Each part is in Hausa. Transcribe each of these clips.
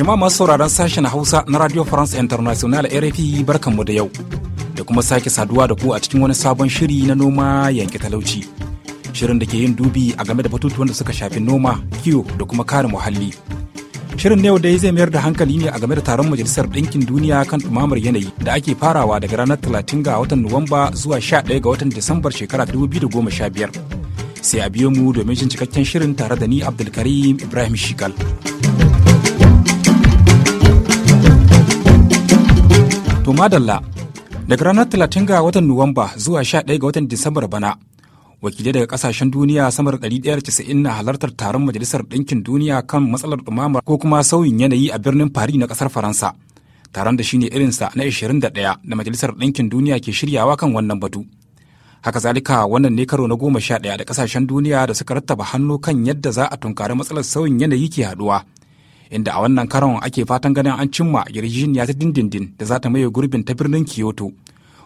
Jima masu sauraron sashen Hausa na Radio France International RFI barkanmu da yau, da kuma sake saduwa da ku a cikin wani sabon shiri na noma yanke talauci. Shirin da ke yin dubi a game da batutuwan da suka shafi noma, kiwo da kuma kare muhalli. Shirin yau dai zai mayar da hankali ne a game da taron Majalisar Ɗinkin Duniya kan ɗumamar yanayi da ake farawa daga ranar 30 ga watan Nuwamba zuwa 11 ga watan Disambar shekara 2015. Sai a biyo mu domin jin cikakken shirin tare da ni Abdulkarim Ibrahim Shikal. To madalla, daga ranar talatin ga watan Nuwamba zuwa sha 11 ga watan Disambar bana, wakilai daga kasashen duniya sama da casa'in na halartar taron Majalisar Ɗinkin Duniya kan matsalar ɗumama ko kuma sauyin yanayi a birnin Paris na ƙasar Faransa. Taron da shine sa na 21 da Majalisar Ɗinkin Duniya ke shiryawa kan wannan batu. haka zalika wannan ne karo na goma sha ɗaya da ƙasashen duniya da suka rattaba hannu kan yadda za a tunkari matsalar sauyin yanayi ke haɗuwa inda a wannan karon ake fatan ganin an cimma yarjejeniya ta dindindin da za ta maye gurbin ta birnin kyoto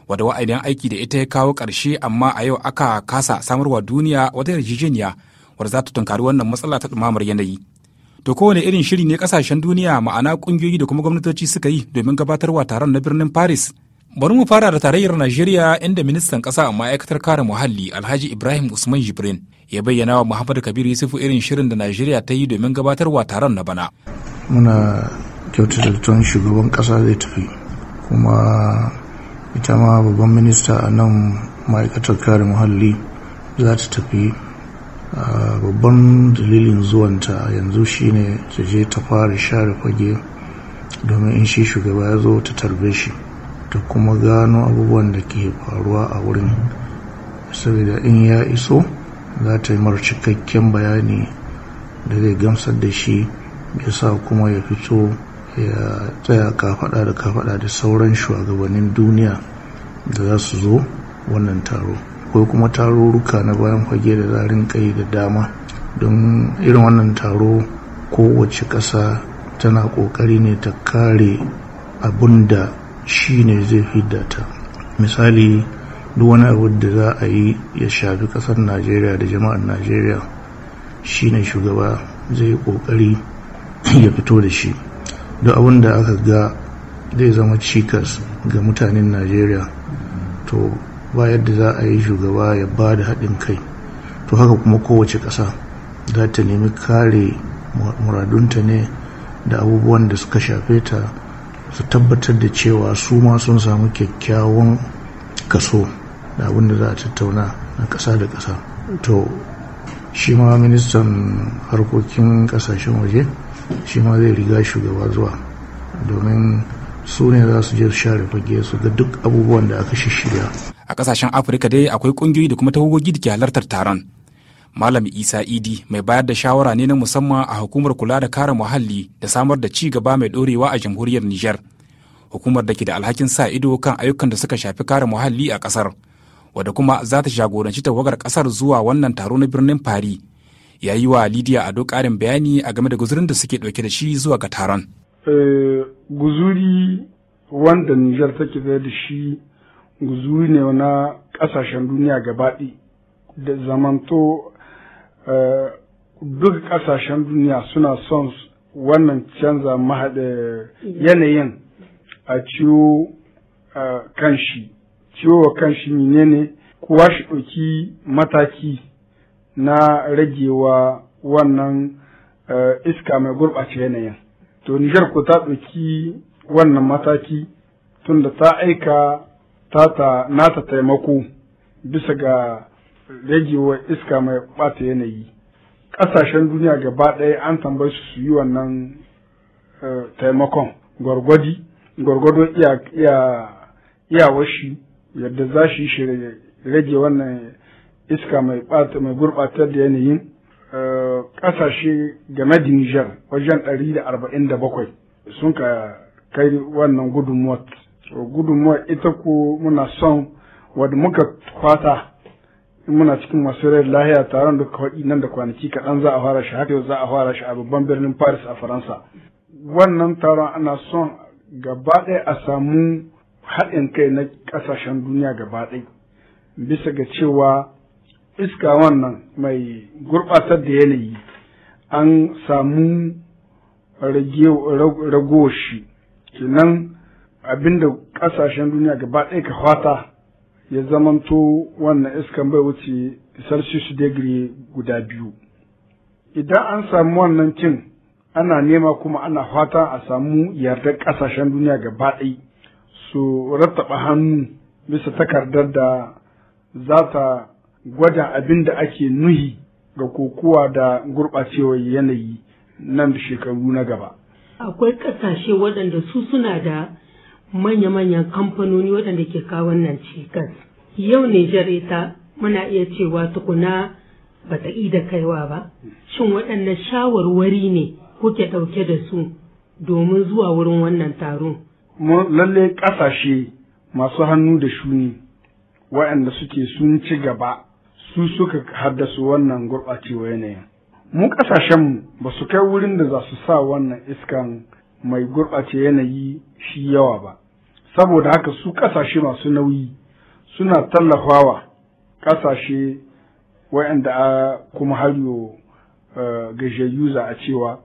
wadda wa'adin aiki da ita ya kawo ƙarshe amma a yau aka kasa samarwa duniya wata yarjejeniya wadda za ta tunkari wannan matsala ta ɗumamar yanayi to kowane irin shiri ne ƙasashen duniya ma'ana ƙungiyoyi da kuma gwamnatoci suka yi domin gabatarwa taron na birnin paris bari mu fara da tarayyar najeriya inda ministan ƙasa a ma'aikatar kare muhalli alhaji ibrahim usman jibrin ya bayyana wa muhammadu kabiru yusufu irin shirin da najeriya ta yi domin gabatarwa taron na bana muna da tun shugaban kasa zai tafi kuma ita ma babban minista a nan ma'aikatar kare muhalli za ta tafi babban dalilin zuwanta yanzu shine ta je ta fara share fage domin in shi shugaba ya zo ta tarbe shi ta kuma gano abubuwan da ke faruwa a wurin saboda in ya iso za ta yi mara cikakken bayani da zai gamsar da shi ya sa kuma ya fito ya tsaya kafaɗa da kafaɗa da sauran shugabannin duniya da za su zo wannan taro akwai kuma tarurruka na bayan fage da zarin kai da dama don irin wannan taro kowace ƙasa tana ƙoƙari ne ta kare abin da shi ne zai fi data misali duk wani abu da za a yi ya shafi kasar najeriya da jama'ar najeriya shine shugaba zai yi kokari ya fito da shi duk abin da aka ga zai zama cikas ga mutanen najeriya to ba yadda za a yi shugaba ya ba da haɗin kai to haka kuma kowace ƙasa za ta nemi kare muradunta ne da abubuwan da suka shafe ta su tabbatar da cewa su ma sun samu kyakkyawan kaso da abin da za a tattauna na ƙasa da ƙasa to shi ma ministan harkokin kasashen waje shi ma zai riga shugaba zuwa domin su ne za su je share fage su ga duk abubuwan da aka shishirya a ƙasashen afirka dai akwai ƙungiyoyi da kuma tawagogi da ke halartar taron Malam Isa Idi mai bayar da shawara ne na musamman a hukumar kula da kare muhalli da samar da ci gaba mai dorewa a jamhuriyar niger Hukumar da ke da alhakin sa ido kan ayyukan da suka shafi kare muhalli a ƙasar. wadda kuma za ta jagoranci tawagar kasar zuwa wannan taro na birnin fari ya yi wa lidiya ado karin bayani a game da guzurin da suke dauke da shi zuwa ga taron eh, guzuri wanda nijar take da shi guzuri ne na kasashen duniya gabaɗi da zamanto eh, duk kasashen duniya suna son wannan canza yanayin a ciwo eh, kan shi ciwo wa kan shi menene kuwa shi ɗauki mataki na ragewa wannan eh, iska mai gurɓace yanayin to nijar ko ta ɗauki wannan mataki tunda ta aika tata nata taimako bisa ga ragewa iska mai ɓata yanayi ƙasashen duniya gaba ɗaya an tambayi su yi wannan eh, taimakon gwargwadi gwargwado iya iya iya yadda za shi shi rage wannan iska mai mai gurɓatar da yanayin eh, ƙasashe game da Nijar wajen ɗari da arba'in da bakwai sun ka kai wannan gudunmuwar. Gudunmuwar ita ko muna son wadda muka kwata muna cikin masu rai lahiya taron da kawai nan da kwanaki kaɗan za a fara shi haka za a fara shi a babban birnin Paris a Faransa. Wannan taron ana son gaba ɗaya a samu haɗin kai na ƙasashen duniya gaba ɗai bisa ga cewa iska wannan mai gurɓatar da yanayi an samu ragoshi shi kenan abinda ƙasashen duniya gaba ɗaya ka fata ya zamanto wannan iska bai wuce celsius degree guda biyu idan an samu wannan cin ana nema kuma ana fata a samu yardar ƙasashen duniya gaba ɗaya su rattaba hannu bisa takardar da za ta gwada abin da ake nuhi ga kokowa da gurɓacewar yanayi nan da shekaru na gaba. Akwai ƙasashe waɗanda su suna da manya-manyan kamfanoni waɗanda ke kawo wannan cikas. Yau ne ita muna iya cewa tukuna ba ta da kaiwa ba. Shin waɗanda shawarwari ne kuke ɗauke da su domin zuwa wurin wannan taron? lalle ƙasashe masu hannu da shuni waɗanda suke sun ci gaba su suka haddasa wannan gurɓacewa yanayin mu ƙasashenmu ba su kai wurin da za su sa wannan iskan mai gurɓace yanayi shi yawa ba saboda haka su ƙasashe masu nauyi suna tallafawa ƙasashe waɗanda kuma har eh, gajiyayyu za a cewa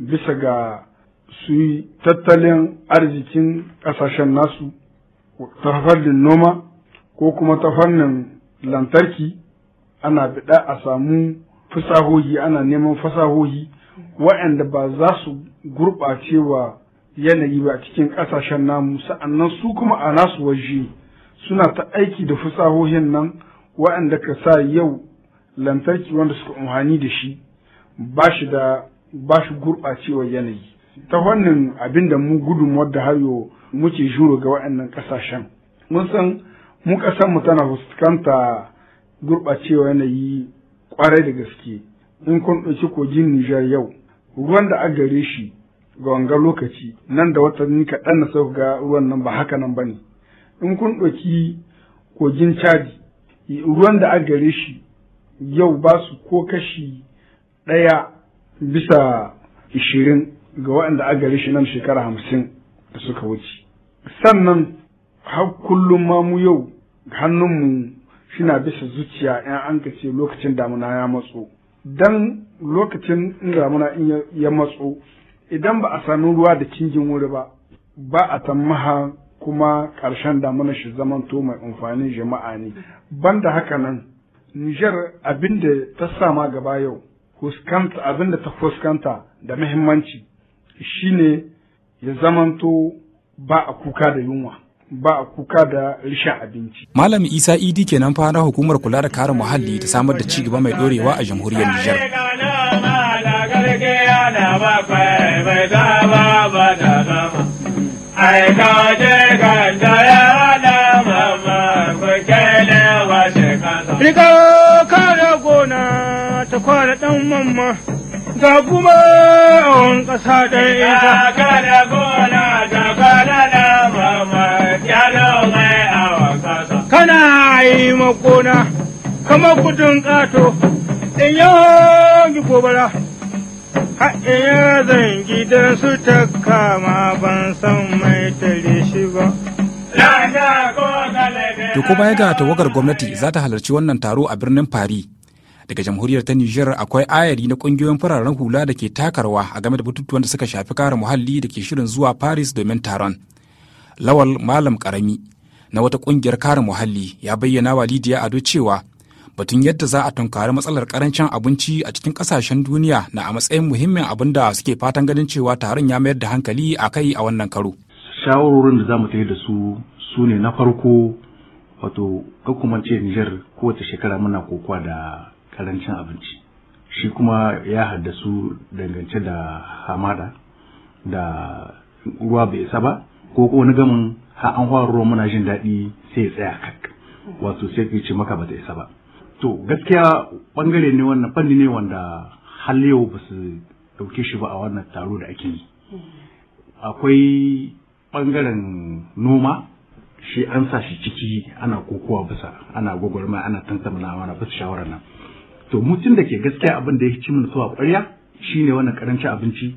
bisa ga su yi tattalin arzikin ƙasashen nasu ta fannin noma ko kuma ta fannin lantarki ana biɗa a samu fasahohi ana neman fasahohi waɗanda ba za su gurɓace yanayi ba cikin ƙasashen namu sa'annan su kuma a nasu waje suna ta aiki da fasahohin nan waɗanda ka sa yau lantarki wanda suka amfani da shi ba shi da gurɓacewar yanayi ta wannan abin da mu wadda da yau muke juro ga waɗannan ƙasashen mun san mu mu tana fuskanta gurɓacewa yanayi ƙwarai da gaske in kun ɗauki kogin Nijar yau ruwan da aka gare shi ga wangar lokaci nan da ni kaɗan na sauka ga ruwan nan ba haka nan ba ne in kun ɗauki kogin Chadi ruwan da aka gare shi yau ba su ko kashi ɗaya bisa ishirin ga waɗanda aka gari shi nan shekara hamsin da suka wuce sannan har kullum ma mu yau hannunmu shina bisa zuciya in an ka ce lokacin damuna ya matso dan lokacin in damuna in ya matso idan ba a sami ruwa da cingin wuri ba ba a tammaha kuma ƙarshen damuna shi zaman to mai amfanin jama'a ne banda haka nan Nijar abinda ta sama gaba yau fuskanta da ta fuskanta da muhimmanci shine ya zamanto ba a kuka da yunwa ba a kuka da rishin abinci. Malam Isa Idi kenan fara hukumar kula da kare muhalli ta samar da ci gaba mai dorewa a jamhuriyar Nijar. Ai ka je ga kuma on ƙasa da ita. Kada gona da kada da mama a kasa. Kana yi makona kamar kudin ƙato in yanki gobara. ha ya zan gidan su ta kama ban san mai tare shi ba. Duk kuma ya ga tawagar gwamnati za ta halarci wannan taro a birnin Paris. daga jamhuriyar ta nijar akwai ayari na kungiyoyin fararen hula da ke takarwa a game da batutuwan da suka shafi kare muhalli da ke shirin zuwa paris domin taron lawal malam karami na wata kungiyar kare muhalli ya bayyana wa lidiya ado cewa batun yadda za a tunkari matsalar karancin abinci a cikin kasashen duniya na a matsayin muhimmin abin da suke fatan ganin cewa taron ya mayar da hankali a kai a wannan karo shawarorin da za mu da su su ne na farko wato kakumance Nijar kowace shekara muna kokowa da karancin abinci shi kuma ya haddasu dangance da hamada da ruwa bai isa ba ko ko wani gamin ha an fara ruwa muna jin daɗi sai ya tsaya kak wato sai ka ce maka bata isa ba to gaskiya bangare ne wannan fanni ne wanda har yau ba su ɗauke shi ba a wannan taro da ake yi akwai bangaren noma shi an sa shi ciki ana kokowa bisa ana gwagwarmaya ana tantamana ana bisa shawarar nan to mutum da ke gaskiya abin da ya ci mun a ƙwarya shine wannan karancin abinci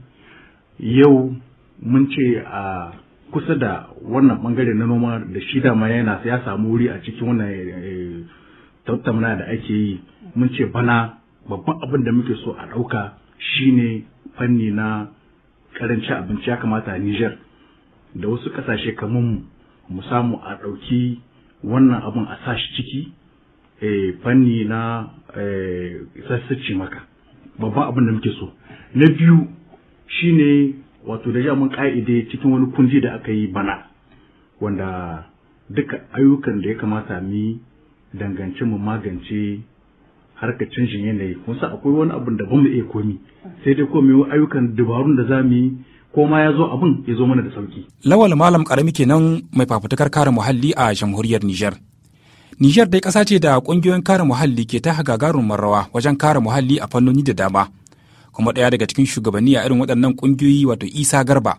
yau mun ce a kusa da wannan bangare na noma da shi dama yana ya samu wuri a cikin wannan eh, tattauna da ake yi mun ce bana babban abin da muke so a ɗauka shine fanni na karancin abinci ya kamata a Niger da wasu ƙasashe kamar mu mu samu a ɗauki wannan abin a sashi ciki Eh, fanni na eh, sassaci maka babban abin da muke so na biyu shine wato da mun ka'ide cikin wani kunji da aka yi bana wanda duka ayyukan da ya kamata mi dangance mu magance harkar canjin yanayi kusa akwai wani abin da bamu iya komi sai dai komai ayyukan dabarun da zamu yi ko ma ya zo abin ya zo mana da sauki lawal malam karami kenan mai fafutukar kare muhalli a jamhuriyar Nijar. Nijar dai ƙasa ce da ƙungiyoyin kare muhalli ke ta gagarun rawa wajen kare muhalli a fannoni da dama. Kuma ɗaya daga cikin shugabanni a irin waɗannan ƙungiyoyi wato Isa Garba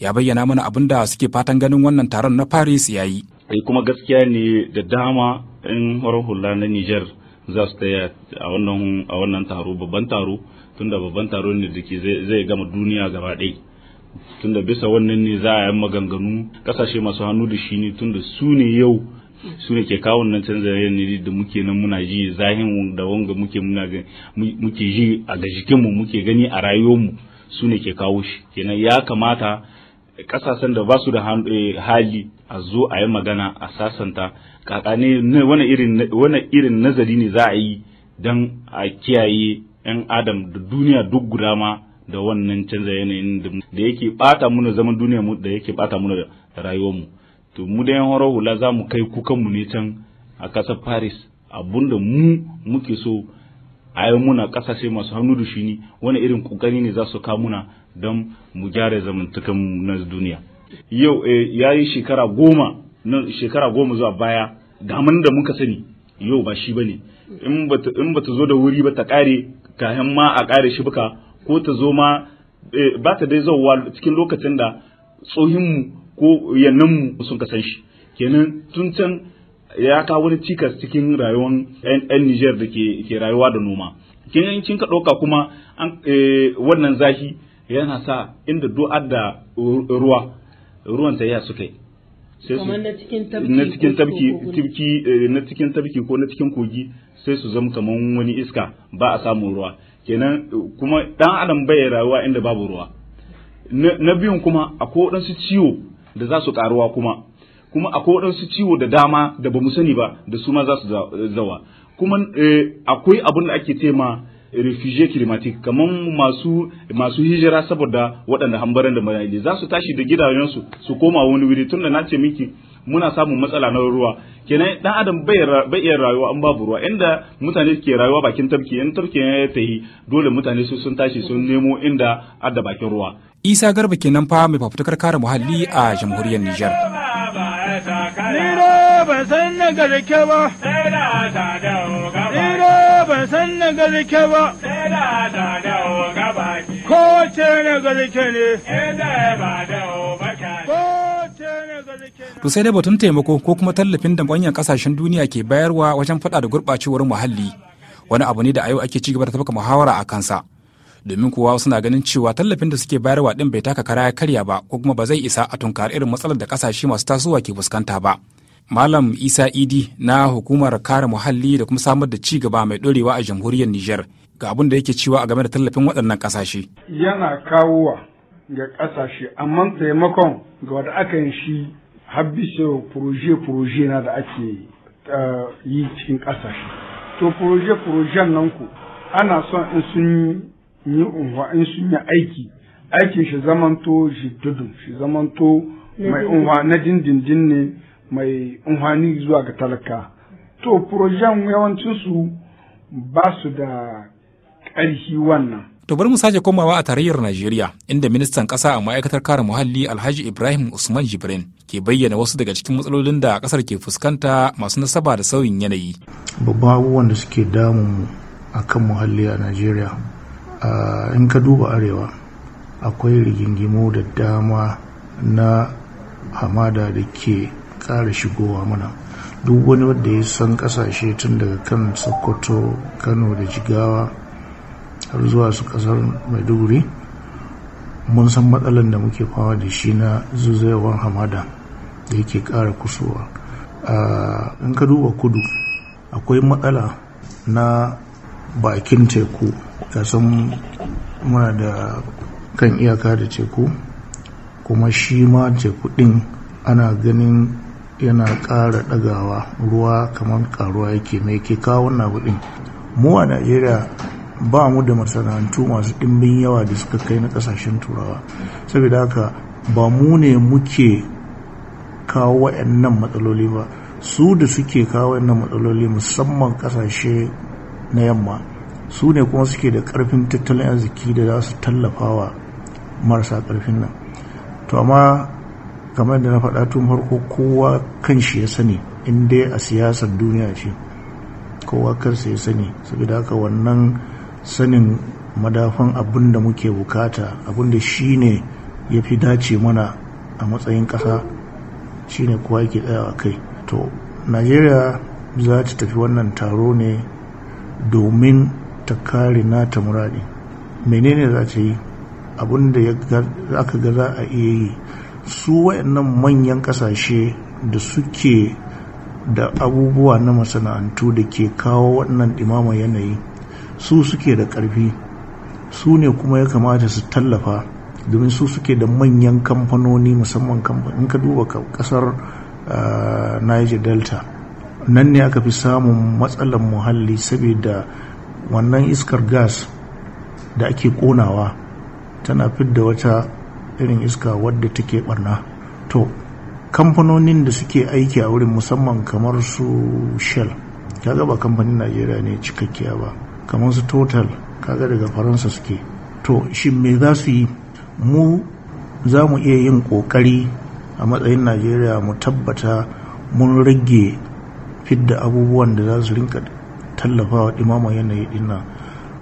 ya bayyana mana abin da suke fatan ganin wannan taron na Paris ya yi. Eh, kuma gaskiya ne da dama in horar hula na Nijar za su taya a a wannan taro babban taro tunda babban taro ne da ke zai gama duniya gaba ɗaya. tunda bisa wannan ne za a yi maganganu kasashe masu hannu da shi ne tunda su ne yau su ne ke kawo nan canza yanayi da muke nan muna ji zahin da wanga muke muna muke ji a ga jikinmu muke gani a rayuwarmu su ne ke kawo shi kenan ya kamata kasashen da ba su da eh, hali a zo a yi magana a sasanta kakanni wani irin nazari ne za a yi dan a kiyaye 'yan adam da duniya duk guda ma da wannan canza yanayin da yake bata muna zaman duniya mu da yake bata muna rayuwarmu to mu da yan horar hula za mu kai kukanmu ne can a ƙasar paris abunda mu muke so a yi muna ƙasashe masu hannu da shi ne wani irin ƙoƙari ne za su kawo muna don mu gyara zamantakan na duniya yau eh, ya yi shekara goma shekara goma zuwa baya ga da muka sani yau ba shi ba ne in ba ta zo da wuri ba ta kare kayan ma a kare shi buka ko ta zo ma eh, ba ta dai zauwa cikin lokacin da tsohinmu ko yannan mu sun san shi kenan tun can ya kawo wani cikas cikin rayuwar 'yan Nijar da ke rayuwa da noma kenan kin ka ɗauka kuma eh, wannan zafi yana sa inda du'ar da ruwa ruwan ta ya suka eh, na cikin tabki ko na cikin kogi sai su zama kaman wani iska ba a samu ruwa kenan kuma dan adam bai rayuwa inda babu ruwa na biyun kuma akwai waɗansu ciwo da za su karuwa kuma kuma akwai waɗansu ciwo da dama da ba mu sani ba da su ma za su zawa kuma eh, akwai abin da ake tema refugee climatic kamar masu masu hijira saboda waɗanda hambaran da mayaji za su tashi da gidajensu su koma wani wuri tun da na ce miki muna samun matsala na ruwa kenan dan adam bai iya rayuwa an babu ruwa inda mutane ke rayuwa bakin tafki in tafki ya tahi dole mutane su sun tashi sun nemo inda adda bakin ruwa isa garba kenan fa mai fafutukar kare muhalli a jamhuriyar nijar To sai dai batun taimako ko kuma tallafin da manyan kasashen duniya ke bayarwa wajen fada da gurɓacewar muhalli wani abu ne da a yau ake ci gaba da tafka muhawara a kansa. domin kuwa suna ganin cewa tallafin da suke bayarwa ɗin bai taka kara ya karya ba ko kuma ba zai isa a tunkar irin matsalar da kasashe masu tasowa ke fuskanta ba. Malam Isa Idi na hukumar kare muhalli da kuma samar da ci gaba mai ɗorewa a jamhuriyar Nijar ga abin da yake cewa a game da tallafin waɗannan ƙasashe. Yana kawowa ga ƙasashe amma taimakon ga wanda aka yi shi habbi proje-proje na da ake eh, yi cikin ƙasashe. To proje-projen nan ku ana son in sun ni unwa in sun yi aiki aikin shi zamanto jiddudun shi zamanto mai unwa na dindindin ne mai unhani zuwa ga talaka to projen yawancinsu ba su da ƙarfi wannan To bari mu sake komawa a tarayyar Najeriya, inda ministan ƙasa a ma'aikatar kare muhalli Alhaji Ibrahim Usman Jibrin ke bayyana wasu daga cikin matsalolin da ƙasar ke fuskanta masu nasaba da sauyin yanayi. Babban abubuwan da suke damun a kan muhalli a Najeriya in ka duba arewa akwai rigingimo da dama na hamada da ke kara shigowa mana duk wani wanda ya san kasashe tun daga kan sokoto kano da jigawa har zuwa su ƙasar maiduguri mun san matsalan da muke fama da shi na zuzayewar hamada da yake ƙara kusowa in ka duba kudu akwai matsala na bakin teku san muna da kan iyaka da teku kuma shi ma teku din ana ganin yana ƙara ɗagawa ruwa kamar ƙaruwa yake mai ke kawo wannan abu mu a najeriya ba mu da masana'antu masu ɗimbin yawa da suka kai na ƙasashen turawa saboda haka ba mu ne muke kawo wa'annan matsaloli ba su da suke kawo wa'annan matsaloli musamman ƙasashe na yamma su ne kuma suke da karfin tattalin arziki da za su tallafa wa marasa karfin nan to amma kamar da na faɗa tun farko kowa kan shi ya sani in dai a siyasar duniya ce kowa kansa ya sani saboda haka wannan sanin madafan abin da muke bukata abin da shi ne ya fi dace mana a matsayin ƙasa shi ne kowa yake tsayawa kai to nigeria za ta tafi wannan taro ne domin ta kare ta muradi menene za ta yi abinda da aka ga za a iya yi su wayannan manyan kasashe da suke da abubuwa na masana'antu da ke kawo wannan ɗimama yanayi su suke da ƙarfi su ne kuma ya kamata su tallafa domin su suke da manyan kamfanoni musamman kamfanin ka duba kasar ah, niger delta nan ne aka fi samun matsalar muhalli saboda wannan iskar gas da ake konawa tana fidda wata irin iska wadda take barna to kamfanonin da suke aiki a wurin musamman kamar su shell kaga ba kamfanin najeriya ne cikakkiya ba kamar su total kaga daga faransa suke to shi me za su yi mu za mu iya yin kokari a matsayin najeriya mu tabbata mun rage fidda abubuwan da za su rinka tallafa wa imama yanayi ɗinna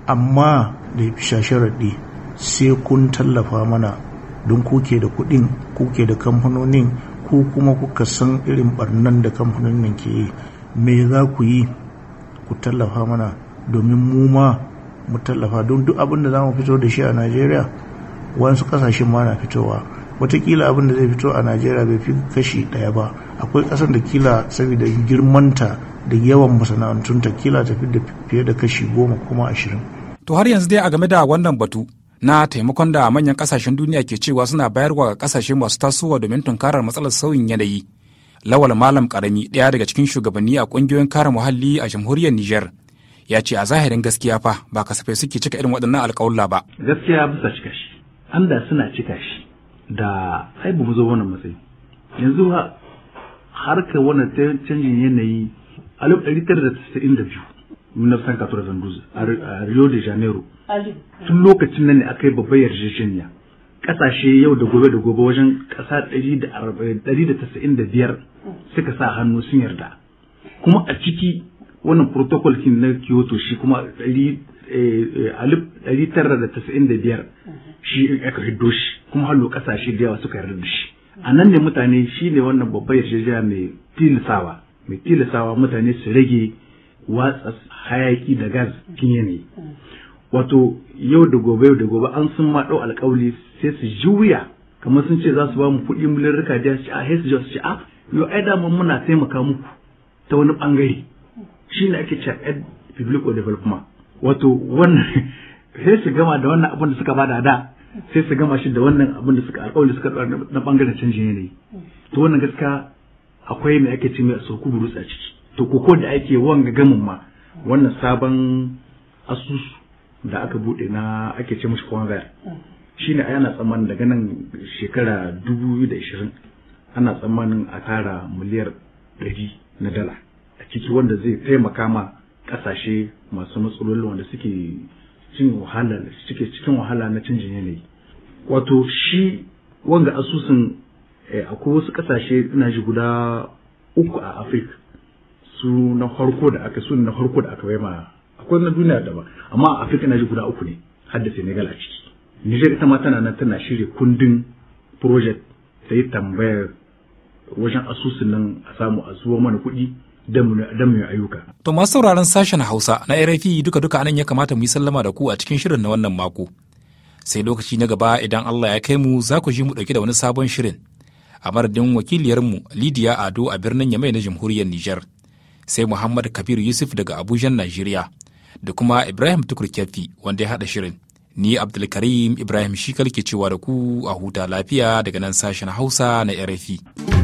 amma da ya fi shasharaɗi sai kun tallafa mana don kuke da kuɗin kuke da kamfanonin ku kuma kuka san irin barnan da kamfanonin ke yi me za ku yi ku tallafa mana domin mu ma mu tallafa don duk abin da za mu fito da shi a najeriya wasu kasashen ma na fitowa watakila abin da zai fito a najeriya bai fi kashi daya ba akwai kasar da kila saboda girmanta da yawan masana'antunta kila ta da fiye da kashi goma kuma ashirin to har yanzu dai a game da wannan batu na taimakon da manyan kasashen duniya ke cewa suna bayarwa ga kasashe masu tasowa domin tunkarar matsalar sauyin yanayi lawal malam karami ɗaya daga cikin shugabanni a kungiyoyin kare muhalli a jamhuriyar niger ya ce a zahirin gaskiya fa ba kasafai suke cika irin waɗannan alƙawulla ba gaskiya bisa cika shi da suna cika shi da ai ba mu zo wannan matsayi yanzu ka wannan canjin yanayi a alif 1992 tara da tasa'in da biyu a rio de janeiro tun lokacin nan ne aka yi babbar yarjejeniya kasashe yau da gobe da gobe wajen ƙasa ɗari da da biyar suka sa hannu sun yarda kuma a ciki wannan protocol kin na kyoto shi kuma ɗari Eh, alif ɗari tara da tasa'in da biyar shi aka hiddo shi kuma hallo ƙasashe da yawa suka yarda da shi a nan ne mutane shi ne wannan babbar yarjejiya mai tilisawa mai tilisawa mutane su rage watsa hayaki da gas kin yanayi wato yau da gobe yau da gobe an sun ma ɗau alƙawli sai su juya kamar sun ce za su ba mu kuɗi miliyan rika da shi a hesu jos shi a yau ai dama muna taimaka muku ta wani ɓangare shi ne ake cewa biblical development wato wannan sai su gama da wannan abin da suka bada da sai su gama shi da wannan abin da suka alƙawari suka ɗora na bangaren canjin yanayi to wannan gaskiya akwai mai ake ce mai sauku a ciki to koko da ake wanga gamin ma wannan sabon asusu da aka bude na ake ce mashi conver shi ne ana tsammanin daga nan shekara dubu da ishirin ana tsammanin a tara miliyar ɗari na dala a ciki wanda zai taimaka ma kasashe masu matsalolin wanda suke cin wahala suke cikin wahala na canjin yanayi wato shi wanga asusun eh, akwai wasu kasashe ina ji guda uku a afirka su na farko da aka su na farko da aka ma akwai na duniya da ba amma a afirka na ji guda uku ne har da senegal a ciki niger ita ma tana nan tana shirya kundin project ta yi tambayar wajen asusun nan a samu a zuwa mana kuɗi don mai ayyuka. To masu sauraron sashen Hausa na RFI duka-duka anan ya kamata mu yi sallama da ku a cikin shirin na wannan mako. Sai lokaci na gaba idan Allah ya kai mu za ku ji mu ɗauki da wani sabon shirin. A madadin wakiliyarmu Lidiya Ado a birnin Yamai na Jamhuriyar Nijar. Sai Muhammad Kabiru Yusuf daga Abuja, Najeriya. Da kuma Ibrahim Tukur Kefi wanda ya haɗa shirin. Ni Abdulkarim Ibrahim Shikal ke cewa da ku a huta lafiya daga nan sashen Hausa na RFI.